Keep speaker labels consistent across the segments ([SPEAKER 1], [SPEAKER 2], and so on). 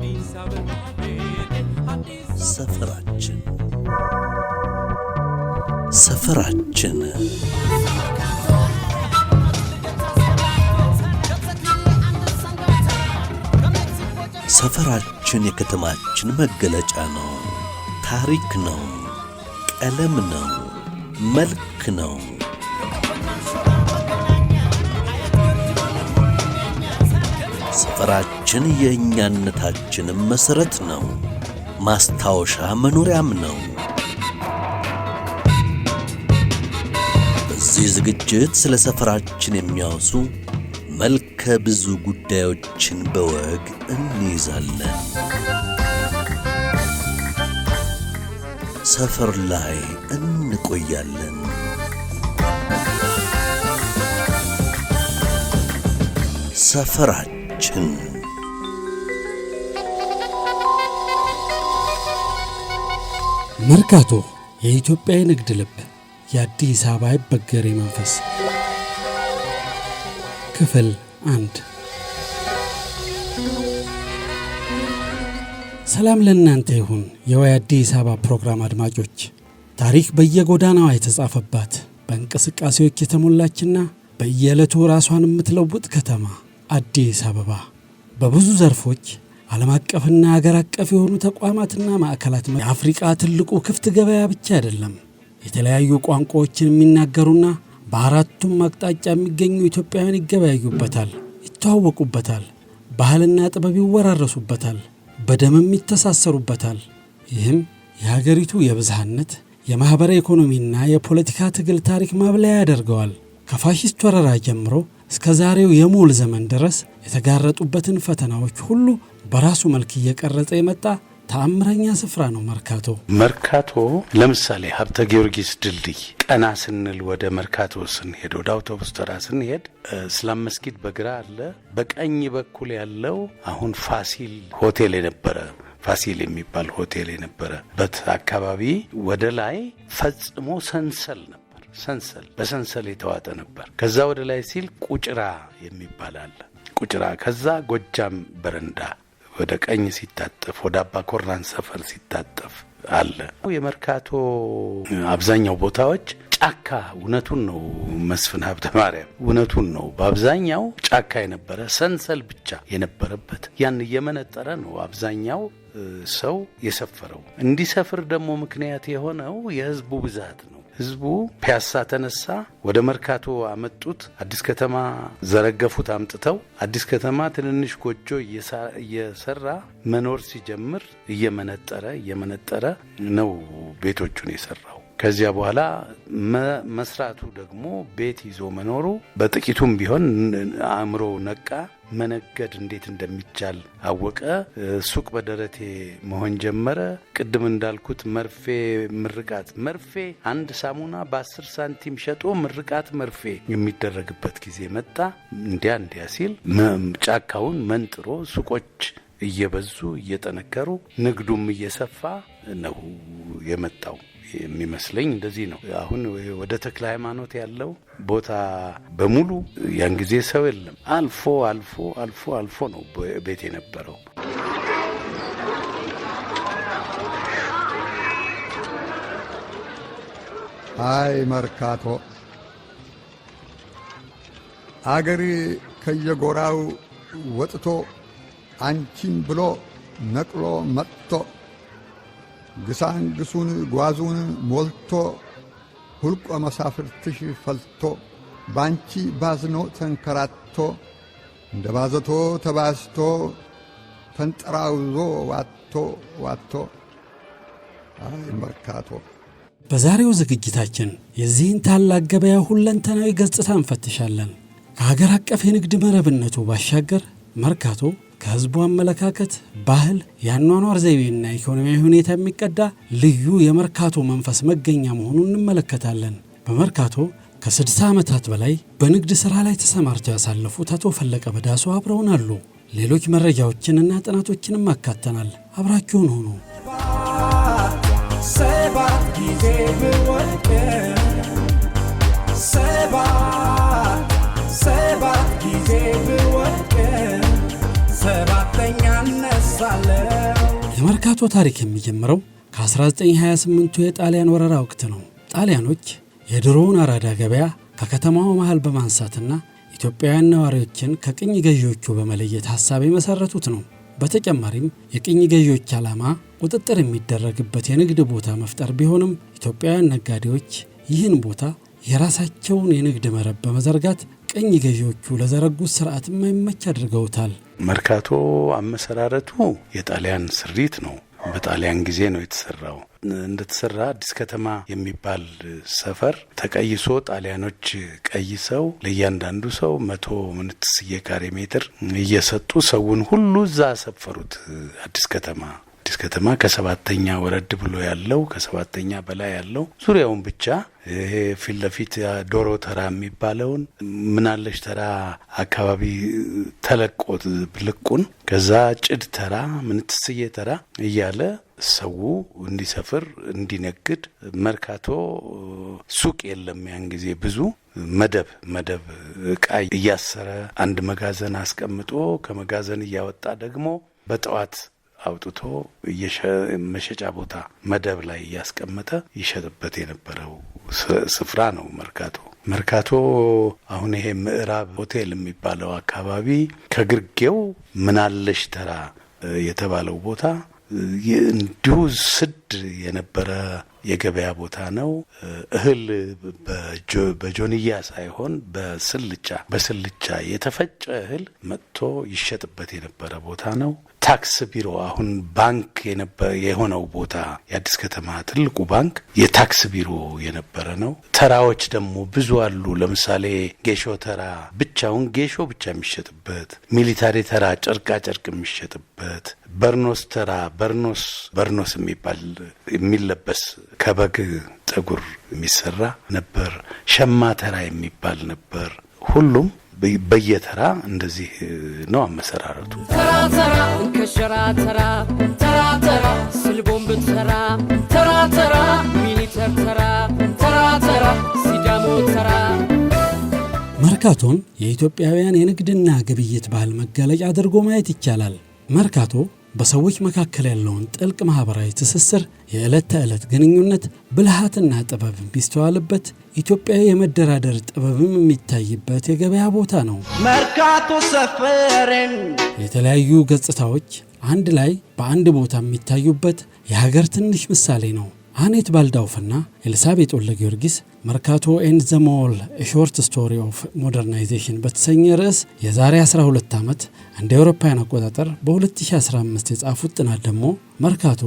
[SPEAKER 1] ሰፈራችን ሰፈራችን ሰፈራችን የከተማችን መገለጫ ነው። ታሪክ ነው። ቀለም ነው። መልክ ነው። ታሪካችን የእኛነታችንም መሠረት ነው፣ ማስታወሻ መኖሪያም ነው። በዚህ ዝግጅት ስለ ሰፈራችን የሚያወሱ መልከ ብዙ ጉዳዮችን በወግ እንይዛለን። ሰፈር ላይ እንቆያለን። ሰፈራችን መርካቶ የኢትዮጵያ የንግድ ልብ፣ የአዲስ አበባ አይበገሬ መንፈስ። ክፍል አንድ። ሰላም ለእናንተ ይሁን፣ የዋይ አዲስ አበባ ፕሮግራም አድማጮች። ታሪክ በየጎዳናዋ የተጻፈባት በእንቅስቃሴዎች የተሞላችና በየዕለቱ ራሷን የምትለውጥ ከተማ አዲስ አበባ በብዙ ዘርፎች ዓለም አቀፍና አገር አቀፍ የሆኑ ተቋማትና ማዕከላት የአፍሪቃ ትልቁ ክፍት ገበያ ብቻ አይደለም። የተለያዩ ቋንቋዎችን የሚናገሩና በአራቱም አቅጣጫ የሚገኙ ኢትዮጵያውያን ይገበያዩበታል፣ ይተዋወቁበታል፣ ባህልና ጥበብ ይወራረሱበታል፣ በደምም ይተሳሰሩበታል። ይህም የሀገሪቱ የብዝሃነት የማኅበረ ኢኮኖሚና የፖለቲካ ትግል ታሪክ ማብለያ ያደርገዋል። ከፋሽስት ወረራ ጀምሮ እስከ ዛሬው የሞል ዘመን ድረስ የተጋረጡበትን ፈተናዎች ሁሉ በራሱ መልክ እየቀረጸ የመጣ ተአምረኛ ስፍራ ነው መርካቶ።
[SPEAKER 2] መርካቶ ለምሳሌ ሀብተ ጊዮርጊስ ድልድይ ቀና ስንል ወደ መርካቶ ስንሄድ ወደ አውቶቡስ ተራ ስንሄድ እስላም መስጊድ በግራ አለ። በቀኝ በኩል ያለው አሁን ፋሲል ሆቴል የነበረ ፋሲል የሚባል ሆቴል የነበረበት አካባቢ ወደ ላይ ፈጽሞ ሰንሰል ነበር። ሰንሰል በሰንሰል የተዋጠ ነበር። ከዛ ወደ ላይ ሲል ቁጭራ የሚባል አለ። ቁጭራ ከዛ ጎጃም በረንዳ ወደ ቀኝ ሲታጠፍ፣ ወደ አባ ኮርናን ሰፈር ሲታጠፍ አለ። የመርካቶ አብዛኛው ቦታዎች ጫካ እውነቱን ነው። መስፍን ሀብተ ማርያም እውነቱን ነው። በአብዛኛው ጫካ የነበረ ሰንሰል ብቻ የነበረበት ያን እየመነጠረ ነው አብዛኛው ሰው የሰፈረው። እንዲሰፍር ደግሞ ምክንያት የሆነው የህዝቡ ብዛት ነው። ህዝቡ ፒያሳ ተነሳ፣ ወደ መርካቶ አመጡት፣ አዲስ ከተማ ዘረገፉት። አምጥተው አዲስ ከተማ ትንንሽ ጎጆ እየሰራ መኖር ሲጀምር እየመነጠረ እየመነጠረ ነው ቤቶቹን የሰራው። ከዚያ በኋላ መስራቱ ደግሞ ቤት ይዞ መኖሩ በጥቂቱም ቢሆን አእምሮ ነቃ። መነገድ እንዴት እንደሚቻል አወቀ። ሱቅ በደረቴ መሆን ጀመረ። ቅድም እንዳልኩት መርፌ ምርቃት መርፌ አንድ ሳሙና በአስር ሳንቲም ሸጦ ምርቃት መርፌ የሚደረግበት ጊዜ መጣ። እንዲያ እንዲያ ሲል ጫካውን መንጥሮ ሱቆች እየበዙ እየጠነከሩ ንግዱም እየሰፋ ነው የመጣው የሚመስለኝ እንደዚህ ነው። አሁን ወደ ተክለ ሃይማኖት ያለው ቦታ በሙሉ ያን ጊዜ ሰው የለም። አልፎ አልፎ አልፎ አልፎ ነው ቤት የነበረው።
[SPEAKER 3] አይ መርካቶ አገሪ ከየጎራው ወጥቶ አንቺን ብሎ ነቅሎ መጥቶ ግሳንግሱን ጓዙን ሞልቶ ሁልቆ መሳፍርትሽ ፈልቶ ባንቺ ባዝኖ ተንከራቶ እንደ ባዘቶ ተባዝቶ ተንጠራውዞ ዋቶ ዋቶ አይ መርካቶ።
[SPEAKER 1] በዛሬው ዝግጅታችን የዚህን ታላቅ ገበያ ሁለንተናዊ ገጽታ እንፈትሻለን። ከሀገር አቀፍ የንግድ መረብነቱ ባሻገር መርካቶ ከህዝቡ አመለካከት፣ ባህል፣ የአኗኗር ዘይቤና ኢኮኖሚያዊ ሁኔታ የሚቀዳ ልዩ የመርካቶ መንፈስ መገኛ መሆኑን እንመለከታለን። በመርካቶ ከ60 ዓመታት በላይ በንግድ ሥራ ላይ ተሰማርተው ያሳለፉት አቶ ፈለቀ በዳሶ አብረውን አሉ። ሌሎች መረጃዎችንና ጥናቶችንም አካተናል። አብራችሁን ሆኑ።
[SPEAKER 4] ሰባት ጊዜ ሰባት
[SPEAKER 1] የመርካቶ ታሪክ የሚጀምረው ከ1928ቱ የጣሊያን ወረራ ወቅት ነው። ጣሊያኖች የድሮውን አራዳ ገበያ ከከተማው መሃል በማንሳትና ኢትዮጵያውያን ነዋሪዎችን ከቅኝ ገዢዎቹ በመለየት ሐሳብ የመሠረቱት ነው። በተጨማሪም የቅኝ ገዢዎች ዓላማ ቁጥጥር የሚደረግበት የንግድ ቦታ መፍጠር ቢሆንም ኢትዮጵያውያን ነጋዴዎች ይህን ቦታ የራሳቸውን የንግድ መረብ በመዘርጋት ቅኝ ገዢዎቹ ለዘረጉት ስርዓት የማይመች አድርገውታል።
[SPEAKER 2] መርካቶ አመሰራረቱ የጣሊያን ስሪት ነው። በጣሊያን ጊዜ ነው የተሰራው። እንደተሰራ አዲስ ከተማ የሚባል ሰፈር ተቀይሶ ጣሊያኖች ቀይሰው ለእያንዳንዱ ሰው መቶ ምንትስዬ ካሬ ሜትር እየሰጡ ሰውን ሁሉ እዛ ሰፈሩት። አዲስ ከተማ አዲስ ከተማ ከሰባተኛ ወረድ ብሎ ያለው ከሰባተኛ በላይ ያለው ዙሪያውን ብቻ ይሄ ፊት ለፊት ዶሮ ተራ የሚባለውን ምናለሽ ተራ አካባቢ ተለቆት ልቁን ከዛ ጭድ ተራ ምንትስዬ ተራ እያለ ሰው እንዲሰፍር እንዲነግድ መርካቶ ሱቅ የለም። ያን ጊዜ ብዙ መደብ መደብ እቃ እያሰረ አንድ መጋዘን አስቀምጦ ከመጋዘን እያወጣ ደግሞ በጠዋት አውጥቶ መሸጫ ቦታ መደብ ላይ እያስቀመጠ ይሸጥበት የነበረው ስፍራ ነው መርካቶ። መርካቶ አሁን ይሄ ምዕራብ ሆቴል የሚባለው አካባቢ ከግርጌው ምናለሽ ተራ የተባለው ቦታ እንዲሁ ስድ የነበረ የገበያ ቦታ ነው። እህል በጆንያ ሳይሆን በስልቻ በስልቻ የተፈጨ እህል መጥቶ ይሸጥበት የነበረ ቦታ ነው። ታክስ ቢሮ አሁን ባንክ የሆነው ቦታ የአዲስ ከተማ ትልቁ ባንክ የታክስ ቢሮ የነበረ ነው። ተራዎች ደግሞ ብዙ አሉ። ለምሳሌ ጌሾ ተራ ብቻውን ጌሾ ብቻ የሚሸጥበት፣ ሚሊታሪ ተራ ጨርቃ ጨርቅ የሚሸጥበት፣ በርኖስ ተራ በርኖስ በርኖስ የሚባል የሚለበስ ከበግ ጠጉር የሚሰራ ነበር። ሸማ ተራ የሚባል ነበር። ሁሉም በየተራ እንደዚህ ነው አመሰራረቱ። ተራ ተራ እንከሸራ ተራ ተራ ተራ ስልቦምብን ተራ ተራ
[SPEAKER 1] ተራ ሚኒተር ተራ ተራ ተራ ሲዳሞ ተራ መርካቶን የኢትዮጵያውያን የንግድና ግብይት ባህል መገለጫ አድርጎ ማየት ይቻላል። መርካቶ በሰዎች መካከል ያለውን ጥልቅ ማኅበራዊ ትስስር፣ የዕለት ተዕለት ግንኙነት፣ ብልሃትና ጥበብ የሚስተዋልበት ኢትዮጵያዊ የመደራደር ጥበብም የሚታይበት የገበያ ቦታ ነው። መርካቶ ሰፈርን የተለያዩ ገጽታዎች አንድ ላይ በአንድ ቦታ የሚታዩበት የሀገር ትንሽ ምሳሌ ነው። አኔት ባልዳውፍና ኤልሳቤጥ ወለ ጊዮርጊስ መርካቶ ኤንድ ዘ ሞል ሾርት ስቶሪ ኦፍ ሞደርናይዜሽን በተሰኘ ርዕስ የዛሬ 12 ዓመት እንደ አውሮፓውያን አቆጣጠር በ2015 የጻፉት ጥናት ደግሞ መርካቶ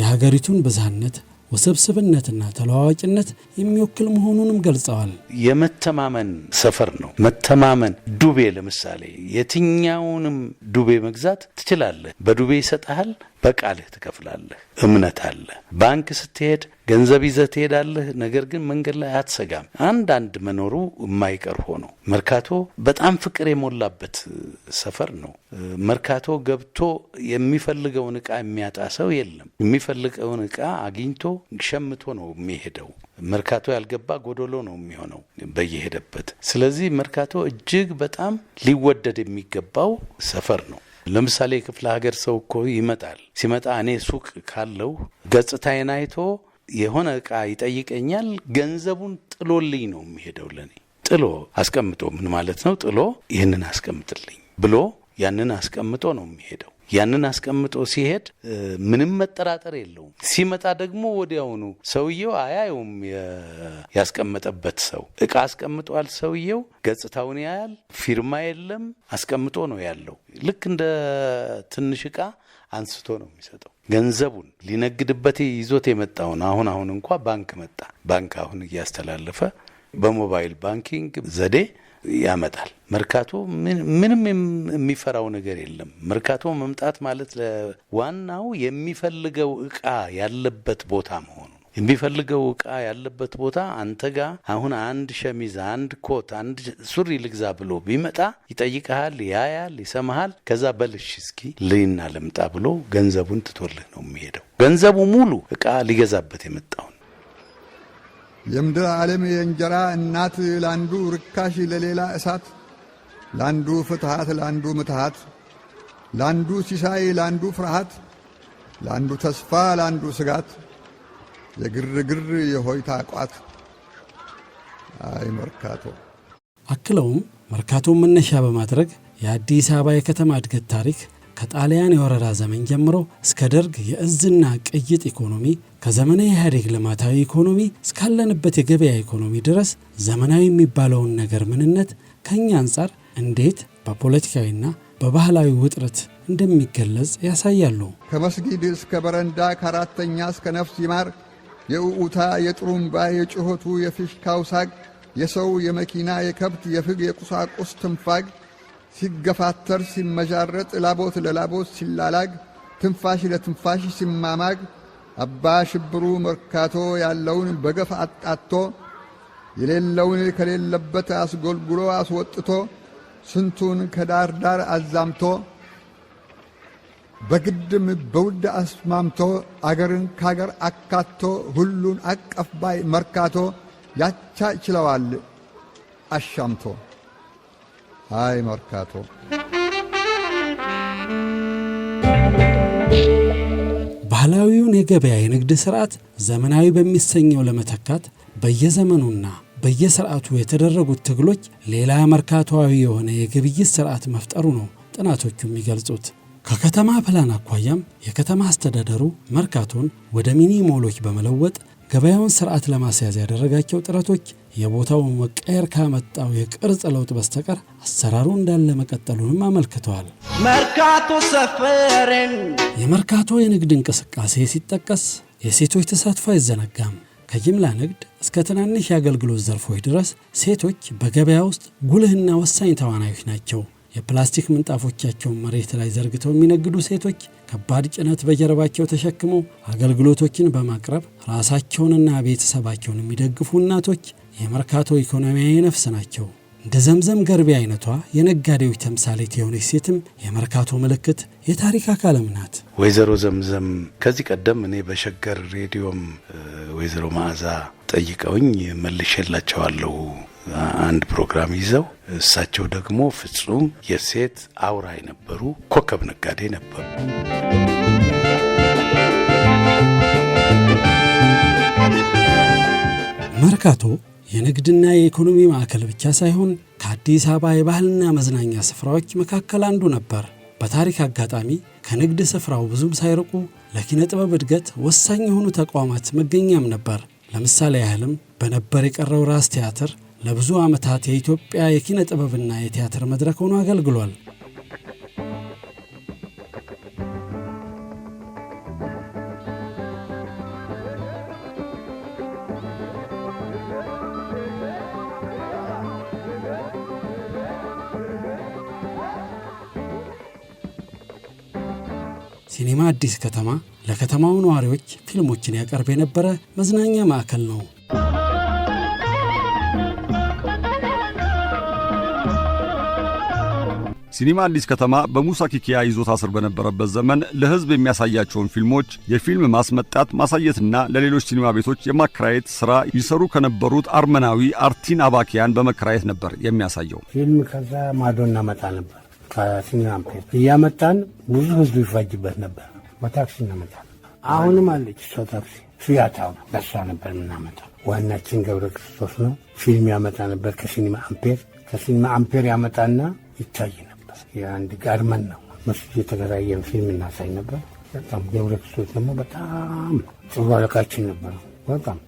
[SPEAKER 1] የሀገሪቱን ብዝሃነት ውስብስብነትና ተለዋዋጭነት የሚወክል መሆኑንም ገልጸዋል።
[SPEAKER 2] የመተማመን ሰፈር ነው። መተማመን ዱቤ፣ ለምሳሌ የትኛውንም ዱቤ መግዛት ትችላለህ። በዱቤ ይሰጠሃል፣ በቃልህ ትከፍላለህ። እምነት አለ። ባንክ ስትሄድ ገንዘብ ይዘህ ትሄዳለህ። ነገር ግን መንገድ ላይ አትሰጋም። አንዳንድ መኖሩ የማይቀር ሆኖ መርካቶ በጣም ፍቅር የሞላበት ሰፈር ነው። መርካቶ ገብቶ የሚፈልገውን እቃ የሚያጣ ሰው የለም። የሚፈልገውን እቃ አግኝቶ ሸምቶ ነው የሚሄደው። መርካቶ ያልገባ ጎዶሎ ነው የሚሆነው በየሄደበት። ስለዚህ መርካቶ እጅግ በጣም ሊወደድ የሚገባው ሰፈር ነው። ለምሳሌ የክፍለ ሀገር ሰው እኮ ይመጣል። ሲመጣ እኔ ሱቅ ካለው ገጽታዬን አይቶ የሆነ እቃ ይጠይቀኛል። ገንዘቡን ጥሎልኝ ነው የሚሄደው። ለኔ ጥሎ አስቀምጦ ምን ማለት ነው? ጥሎ ይህንን አስቀምጥልኝ ብሎ ያንን አስቀምጦ ነው የሚሄደው። ያንን አስቀምጦ ሲሄድ ምንም መጠራጠር የለውም። ሲመጣ ደግሞ ወዲያውኑ ሰውየው አያየውም። ያስቀመጠበት ሰው እቃ አስቀምጧል። ሰውየው ገጽታውን ያያል። ፊርማ የለም፣ አስቀምጦ ነው ያለው። ልክ እንደ ትንሽ እቃ አንስቶ ነው የሚሰጠው። ገንዘቡን ሊነግድበት ይዞት የመጣውን አሁን አሁን እንኳ ባንክ መጣ። ባንክ አሁን እያስተላለፈ በሞባይል ባንኪንግ ዘዴ ያመጣል። መርካቶ ምንም የሚፈራው ነገር የለም። መርካቶ መምጣት ማለት ለዋናው የሚፈልገው እቃ ያለበት ቦታ መሆኑ የሚፈልገው እቃ ያለበት ቦታ አንተ ጋ አሁን አንድ ሸሚዝ፣ አንድ ኮት፣ አንድ ሱሪ ልግዛ ብሎ ቢመጣ ይጠይቀሃል፣ ያያል፣ ይሰማሃል። ከዛ በልሽ እስኪ ልይና ልምጣ ብሎ ገንዘቡን ትቶልህ ነው የሚሄደው። ገንዘቡ ሙሉ እቃ ሊገዛበት የመጣውን
[SPEAKER 3] የምድር ዓለም የእንጀራ እናት ለአንዱ ርካሽ ለሌላ እሳት፣ ለአንዱ ፍትሃት ለአንዱ ምትሃት፣ ለአንዱ ሲሳይ ለአንዱ ፍርሃት፣ ለአንዱ ተስፋ ለአንዱ ስጋት፣ የግርግር የሆይታ ቋት። አይ መርካቶ!
[SPEAKER 1] አክለውም መርካቶ መነሻ በማድረግ የአዲስ አበባ የከተማ እድገት ታሪክ ከጣሊያን የወረራ ዘመን ጀምሮ እስከ ደርግ የእዝና ቅይጥ ኢኮኖሚ ከዘመናዊ ኢህአዴግ ልማታዊ ኢኮኖሚ እስካለንበት የገበያ ኢኮኖሚ ድረስ ዘመናዊ የሚባለውን ነገር ምንነት ከእኛ አንጻር እንዴት በፖለቲካዊና በባህላዊ ውጥረት እንደሚገለጽ ያሳያሉ። ከመስጊድ እስከ በረንዳ፣ ከአራተኛ እስከ ነፍስ ይማር የእዑታ፣ የጥሩምባ፣ የጩኸቱ፣ የፊሽካው ሳግ፣ የሰው፣ የመኪና፣ የከብት፣ የፍግ፣ የቁሳቁስ ትንፋግ ሲገፋተር ሲመዣረጥ፣ ላቦት ለላቦት ሲላላግ፣ ትንፋሽ ለትንፋሽ ሲማማግ፣ አባ ሽብሩ መርካቶ ያለውን በገፍ አጣቶ የሌለውን ከሌለበት አስጎልጉሎ አስወጥቶ ስንቱን ከዳር ዳር አዛምቶ በግድም በውድ አስማምቶ አገርን ካገር አካቶ ሁሉን አቀፍ ባይ መርካቶ ያቻ ይችለዋል አሻምቶ Hai Mercato. ባህላዊውን የገበያ የንግድ ስርዓት ዘመናዊ በሚሰኘው ለመተካት በየዘመኑና በየስርዓቱ የተደረጉት ትግሎች ሌላ መርካቶዊ የሆነ የግብይት ስርዓት መፍጠሩ ነው ጥናቶቹ የሚገልጹት። ከከተማ ፕላን አኳያም የከተማ አስተዳደሩ መርካቶን ወደ ሚኒ ሞሎች በመለወጥ ገበያውን ስርዓት ለማስያዝ ያደረጋቸው ጥረቶች የቦታው መቀየር ካመጣው የቅርጽ ለውጥ በስተቀር አሰራሩ እንዳለ መቀጠሉንም አመልክተዋል። መርካቶ ሰፈርን የመርካቶ የንግድ እንቅስቃሴ ሲጠቀስ የሴቶች ተሳትፎ አይዘነጋም። ከጅምላ ንግድ እስከ ትናንሽ የአገልግሎት ዘርፎች ድረስ ሴቶች በገበያ ውስጥ ጉልህና ወሳኝ ተዋናዮች ናቸው። የፕላስቲክ ምንጣፎቻቸውን መሬት ላይ ዘርግተው የሚነግዱ ሴቶች ከባድ ጭነት በጀርባቸው ተሸክመው አገልግሎቶችን በማቅረብ ራሳቸውንና ቤተሰባቸውን የሚደግፉ እናቶች የመርካቶ ኢኮኖሚያዊ ነፍስ ናቸው። እንደ ዘምዘም ገርቢ አይነቷ የነጋዴዎች ተምሳሌት የሆነች ሴትም የመርካቶ ምልክት፣ የታሪክ አካልም ናት።
[SPEAKER 2] ወይዘሮ ዘምዘም ከዚህ ቀደም እኔ በሸገር ሬዲዮም ወይዘሮ መዓዛ ጠይቀውኝ መልሼላቸዋለሁ። አንድ ፕሮግራም ይዘው እሳቸው ደግሞ ፍጹም የሴት አውራ የነበሩ ኮከብ ነጋዴ ነበሩ።
[SPEAKER 1] መርካቶ የንግድና የኢኮኖሚ ማዕከል ብቻ ሳይሆን ከአዲስ አበባ የባህልና መዝናኛ ስፍራዎች መካከል አንዱ ነበር። በታሪክ አጋጣሚ ከንግድ ስፍራው ብዙም ሳይርቁ ለኪነ ጥበብ እድገት ወሳኝ የሆኑ ተቋማት መገኛም ነበር። ለምሳሌ ያህልም በነበር የቀረው ራስ ቲያትር ለብዙ ዓመታት የኢትዮጵያ የኪነ ጥበብና የቲያትር መድረክ ሆኖ አገልግሏል። ሲኒማ አዲስ ከተማ ለከተማው ነዋሪዎች ፊልሞችን ያቀርብ የነበረ መዝናኛ ማዕከል ነው። ሲኒማ አዲስ ከተማ በሙሳ ኪኪያ ይዞታ ስር በነበረበት ዘመን ለህዝብ የሚያሳያቸውን ፊልሞች የፊልም ማስመጣት ማሳየትና ለሌሎች ሲኒማ ቤቶች የማከራየት ስራ ይሰሩ ከነበሩት አርመናዊ አርቲን አባኪያን በመከራየት ነበር የሚያሳየው።
[SPEAKER 5] ፊልም ከዛ ማዶ እናመጣ ነበር። ከሲኒማ እያመጣን ብዙ ህዝብ ይፋጅበት ነበር። በታክሲ እናመጣ አሁንም አለች እሷ ታክሲ ፊያታ በሷ ነበር የምናመጣ። ዋናችን ገብረ ክርስቶስ ነው። ፊልም ያመጣ ነበር ከሲኒማ አምፔር። ከሲኒማ አምፔር ያመጣና ይታይ የአንድ ጋርመን ነው መስጅ የተከራየን ፊልም እናሳይ ነበር። በጣም ገብረ ክርስቶስ ደግሞ በጣም ጥሩ አለቃችን ነበረ። በጣም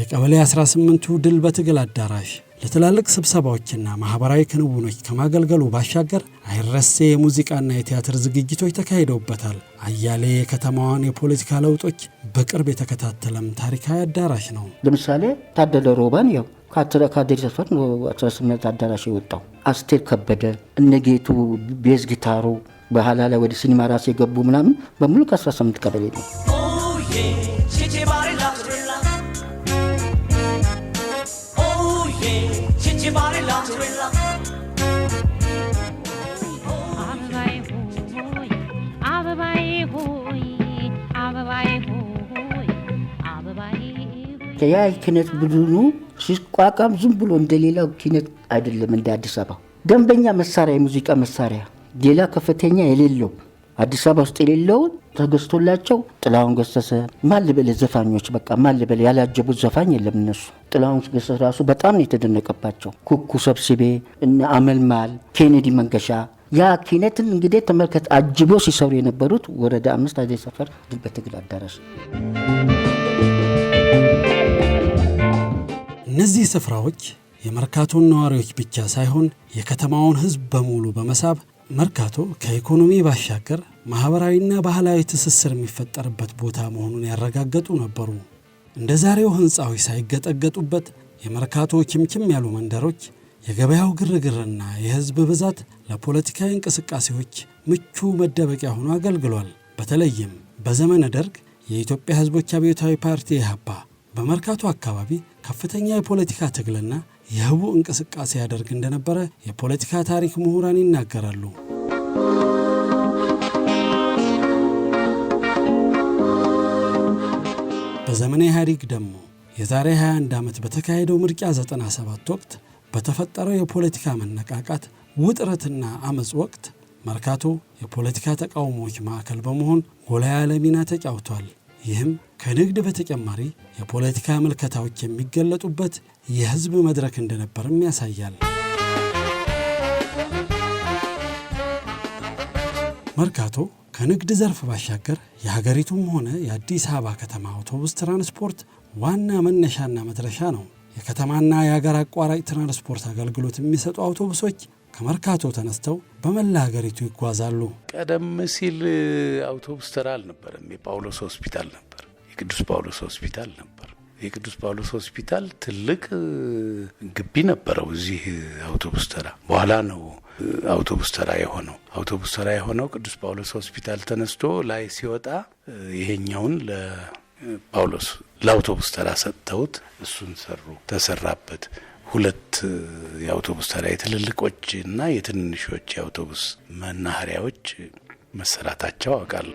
[SPEAKER 1] የቀበሌ 18ቱ ድል በትግል አዳራሽ ለትላልቅ ስብሰባዎችና ማኅበራዊ ክንውኖች ከማገልገሉ ባሻገር አይረሴ የሙዚቃና የቲያትር ዝግጅቶች ተካሂደውበታል። አያሌ የከተማዋን የፖለቲካ ለውጦች በቅርብ የተከታተለም ታሪካዊ አዳራሽ ነው። ለምሳሌ
[SPEAKER 6] ታደለ ሮባን ያው ከአዲስ ሰፈር አስራስምንት አዳራሽ የወጣው አስቴር ከበደ እነጌቱ ቤዝ ጊታሩ በኋላ ላይ ወደ ሲኒማ ራስ የገቡ ምናምን በሙሉ ከ18 ቀበሌ ነው። ያ ክነት ቡድኑ ሲቋቋም ዝም ብሎ እንደሌላው ኪነት አይደለም። እንደ አዲስ አበባ ደንበኛ መሳሪያ የሙዚቃ መሳሪያ ሌላ ከፍተኛ የሌለው አዲስ አበባ ውስጥ የሌለውን ተገዝቶላቸው ጥላሁን ገሰሰ ማልበለ ዘፋኞች በቃ ማልበለ ያላጀቡት ዘፋኝ የለም። እነሱ ጥላሁን ገሰሰ ራሱ በጣም ነው የተደነቀባቸው። ኩኩ ሰብስቤ እነ አመልማል ኬኔዲ መንገሻ ያ ኪነትን እንግዲህ ተመልከት አጅቦ ሲሰሩ የነበሩት ወረዳ አምስት አዜ ሰፈር በትግል አዳራሽ
[SPEAKER 1] እነዚህ ስፍራዎች የመርካቶን ነዋሪዎች ብቻ ሳይሆን የከተማውን ሕዝብ በሙሉ በመሳብ መርካቶ ከኢኮኖሚ ባሻገር ማኅበራዊና ባህላዊ ትስስር የሚፈጠርበት ቦታ መሆኑን ያረጋገጡ ነበሩ። እንደ ዛሬው ሕንፃዎች ሳይገጠገጡበት የመርካቶ ችምችም ያሉ መንደሮች፣ የገበያው ግርግርና የሕዝብ ብዛት ለፖለቲካዊ እንቅስቃሴዎች ምቹ መደበቂያ ሆኖ አገልግሏል። በተለይም በዘመነ ደርግ የኢትዮጵያ ሕዝቦች አብዮታዊ ፓርቲ ኢህአፓ በመርካቶ አካባቢ ከፍተኛ የፖለቲካ ትግልና የህቡ እንቅስቃሴ ያደርግ እንደነበረ የፖለቲካ ታሪክ ምሁራን ይናገራሉ። በዘመነ ኢህአዴግ ደግሞ የዛሬ 21 ዓመት በተካሄደው ምርጫ 97 ወቅት በተፈጠረው የፖለቲካ መነቃቃት ውጥረትና አመፅ ወቅት መርካቶ የፖለቲካ ተቃውሞዎች ማዕከል በመሆን ጎላ ያለ ሚና ተጫውቷል። ይህም ከንግድ በተጨማሪ የፖለቲካ ምልከታዎች የሚገለጡበት የህዝብ መድረክ እንደነበርም ያሳያል። መርካቶ ከንግድ ዘርፍ ባሻገር የሀገሪቱም ሆነ የአዲስ አበባ ከተማ አውቶቡስ ትራንስፖርት ዋና መነሻና መድረሻ ነው። የከተማና የሀገር አቋራጭ ትራንስፖርት አገልግሎት የሚሰጡ አውቶቡሶች ከመርካቶ ተነስተው በመላ ሀገሪቱ ይጓዛሉ። ቀደም
[SPEAKER 2] ሲል አውቶቡስ ተራ አልነበረም። የጳውሎስ ሆስፒታል ነበር፣ የቅዱስ ጳውሎስ ሆስፒታል ነበር። የቅዱስ ጳውሎስ ሆስፒታል ትልቅ ግቢ ነበረው። እዚህ አውቶቡስ ተራ በኋላ ነው አውቶቡስ ተራ የሆነው። አውቶቡስ ተራ የሆነው ቅዱስ ጳውሎስ ሆስፒታል ተነስቶ ላይ ሲወጣ ይሄኛውን ለጳውሎስ ለአውቶቡስ ተራ ሰጥተውት እሱን ሰሩ፣ ተሰራበት። ሁለት የአውቶቡስ ታዲያ የትልልቆች እና የትንንሾች የአውቶቡስ መናኸሪያዎች መሰራታቸው አውቃል።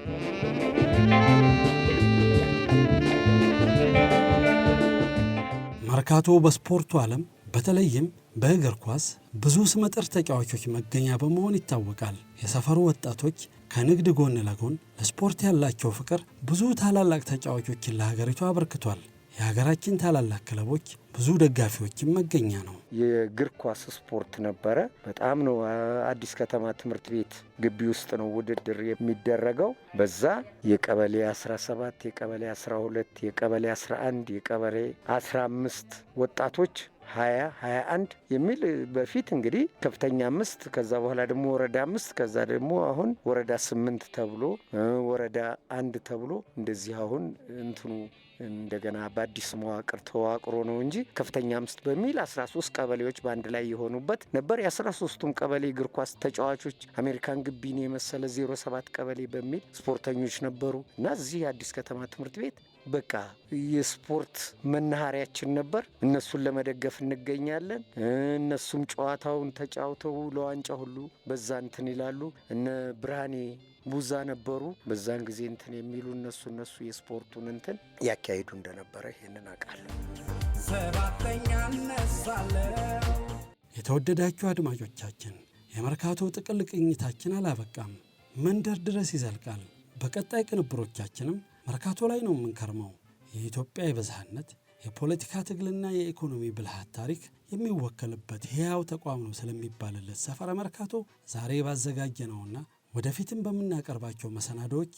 [SPEAKER 1] መርካቶ በስፖርቱ ዓለም በተለይም በእግር ኳስ ብዙ ስመጥር ተጫዋቾች መገኛ በመሆን ይታወቃል። የሰፈሩ ወጣቶች ከንግድ ጎን ለጎን ለስፖርት ያላቸው ፍቅር ብዙ ታላላቅ ተጫዋቾችን ለሀገሪቱ አበርክቷል። የሀገራችን ታላላቅ ክለቦች ብዙ ደጋፊዎችም መገኛ ነው።
[SPEAKER 7] የእግር ኳስ ስፖርት ነበረ። በጣም ነው። አዲስ ከተማ ትምህርት ቤት ግቢ ውስጥ ነው ውድድር የሚደረገው። በዛ የቀበሌ 17 የቀበሌ 12 የቀበሌ 11 የቀበሌ 15 ወጣቶች 20 21 የሚል በፊት እንግዲህ ከፍተኛ አምስት ከዛ በኋላ ደግሞ ወረዳ አምስት ከዛ ደግሞ አሁን ወረዳ ስምንት ተብሎ ወረዳ አንድ ተብሎ እንደዚህ አሁን እንትኑ እንደገና በአዲስ መዋቅር ተዋቅሮ ነው እንጂ ከፍተኛ አምስት በሚል 13 ቀበሌዎች በአንድ ላይ የሆኑበት ነበር። 13 ቀበሌ እግር ኳስ ተጫዋቾች አሜሪካን ግቢን የመሰለ 07 ቀበሌ በሚል ስፖርተኞች ነበሩ እና እዚህ የአዲስ ከተማ ትምህርት ቤት በቃ የስፖርት መናኸሪያችን ነበር። እነሱን ለመደገፍ እንገኛለን። እነሱም ጨዋታውን ተጫውተው ለዋንጫ ሁሉ በዛ እንትን ይላሉ። እነ ብርሃኔ ቡዛ ነበሩ። በዛን ጊዜ እንትን የሚሉ እነሱ እነሱ የስፖርቱን እንትን ያካሂዱ እንደነበረ ይህንን አውቃለሁ።
[SPEAKER 1] የተወደዳችሁ አድማጮቻችን የመርካቶ ጥቅል ቅኝታችን አላበቃም፣ መንደር ድረስ ይዘልቃል። በቀጣይ ቅንብሮቻችንም መርካቶ ላይ ነው የምንከርመው። የኢትዮጵያ የበዝሃነት የፖለቲካ ትግልና የኢኮኖሚ ብልሃት ታሪክ የሚወከልበት ሕያው ተቋም ነው ስለሚባልለት ሰፈረ መርካቶ ዛሬ ባዘጋጀ ነውና ወደፊትም በምናቀርባቸው መሰናዶዎች